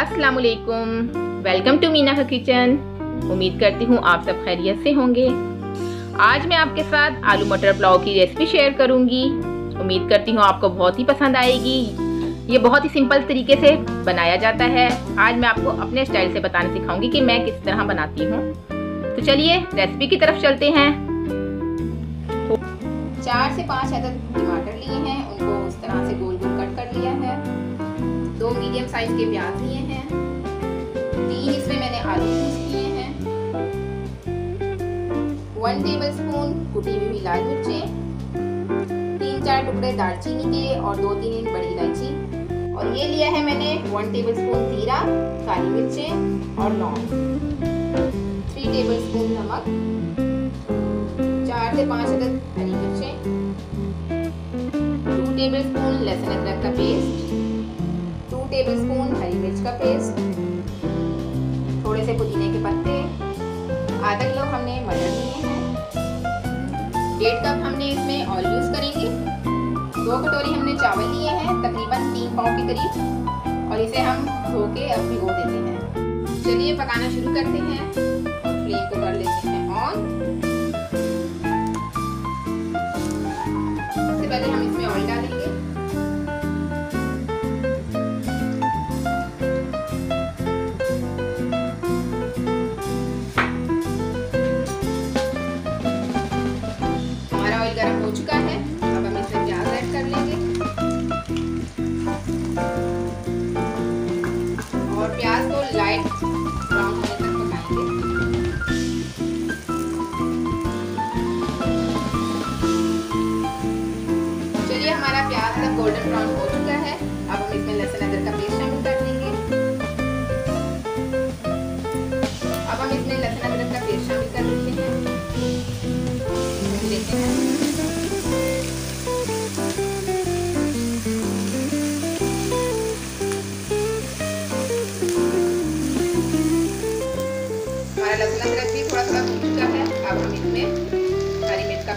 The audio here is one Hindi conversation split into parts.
अस्सलाम वालेकुम वेलकम टू मीना का किचन उम्मीद करती हूँ आप सब खैरियत से होंगे आज मैं आपके साथ आलू मटर पुलाव की रेसिपी शेयर करूँगी उम्मीद करती हूँ आपको बहुत ही पसंद आएगी ये बहुत ही सिंपल तरीके से बनाया जाता है आज मैं आपको अपने स्टाइल से बताना सिखाऊंगी कि मैं किस तरह बनाती हूँ तो चलिए रेसिपी की तरफ चलते हैं चार से पाँच अदर टमाटर लिए हैं उनको उस तरह से गोल गोल कट कर लिया है दो मीडियम साइज के प्याज लिए हैं तीन इसमें मैंने आलू यूज किए हैं वन टेबल स्पून कुटी हुई लाल मिर्चें तीन चार टुकड़े दालचीनी के और दो तीन इंच बड़ी इलायची और ये लिया है मैंने वन टेबल स्पून जीरा काली मिर्चें और लौंग थ्री टेबल स्पून नमक चार से पांच अदद हरी मिर्चें टेबल स्पून लहसुन अदरक का पेस्ट टेबल स्पून हरी मिर्च का पेस्ट थोड़े से पुदीने के पत्ते आधा किलो हमने मटर लिए हैं डेढ़ कप हमने इसमें ऑयल यूज़ करेंगे दो कटोरी हमने चावल लिए हैं तकरीबन तीन पाव के करीब और इसे हम धो के अब भिगो देते हैं चलिए पकाना शुरू करते हैं फ्लेम को कर लेते हैं ऑन लाइट ब्राउन होने तक पकाएंगे चलिए हमारा प्याज का गोल्डन ब्राउन हो चुका है अब हम इसमें लहसुन अदरक का पेस्ट शामिल कर देंगे अब हम इसमें लहसुन अदरक का पेस्ट शामिल कर देते हैं देते हैं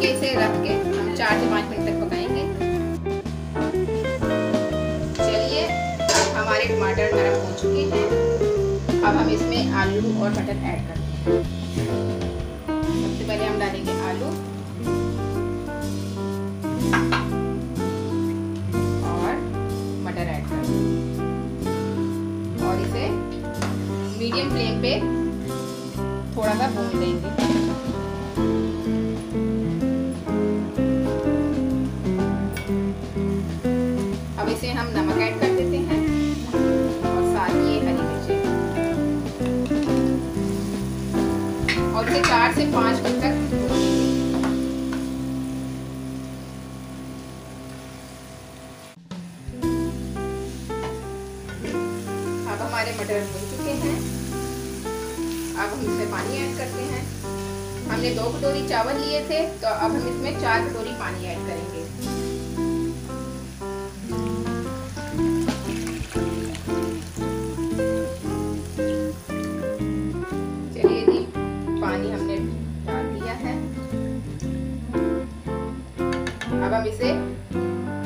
के इसे रख के हम चार से पाँच मिनट तक पकाएंगे चलिए अब हमारे टमाटर नरम हो चुके हैं अब हम इसमें आलू और मटर ऐड करते हैं सबसे पहले हम डालेंगे आलू और मटर ऐड करेंगे और इसे मीडियम फ्लेम पे थोड़ा सा भून लेंगे से हम नमक ऐड कर देते हैं और साथ ये हरी मिर्ची और इसे चार से पांच मिनट तक अब हमारे मटर भून चुके हैं अब हम इसमें पानी ऐड करते हैं हमने दो कटोरी चावल लिए थे तो अब हम इसमें चार कटोरी पानी ऐड करेंगे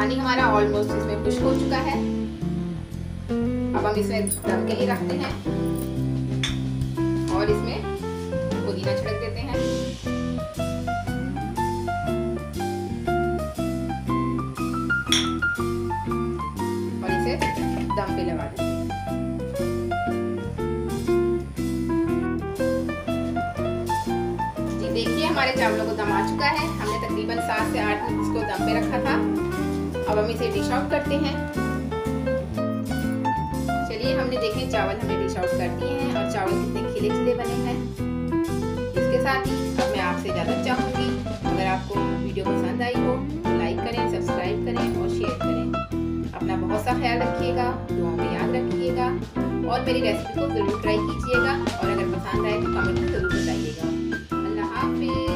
पानी हमारा ऑलमोस्ट इसमें खुश्क हो चुका है अब हम इसमें दम के ही रखते हैं और इसमें पुदीना छिड़क देते हैं और इसे दम पे लगा देते हैं देखिए हमारे चावलों को दम आ चुका है हमने तकरीबन सात से आठ मिनट इसको दम पे रखा था अब हम इसे डिश आउट करते हैं चलिए हमने देखें चावल हमने डिश आउट कर दिए हैं और चावल कितने खिले खिले बने हैं इसके साथ ही अब मैं आपसे इजाज़त चाहूँगी अगर आपको वीडियो पसंद आई हो तो लाइक करें सब्सक्राइब करें और शेयर करें अपना बहुत सा ख्याल रखिएगा दुआ में याद रखिएगा और मेरी रेसिपी को ज़रूर ट्राई कीजिएगा और अगर पसंद आए तो कमेंट में ज़रूर बताइएगा अल्लाह हाफिज़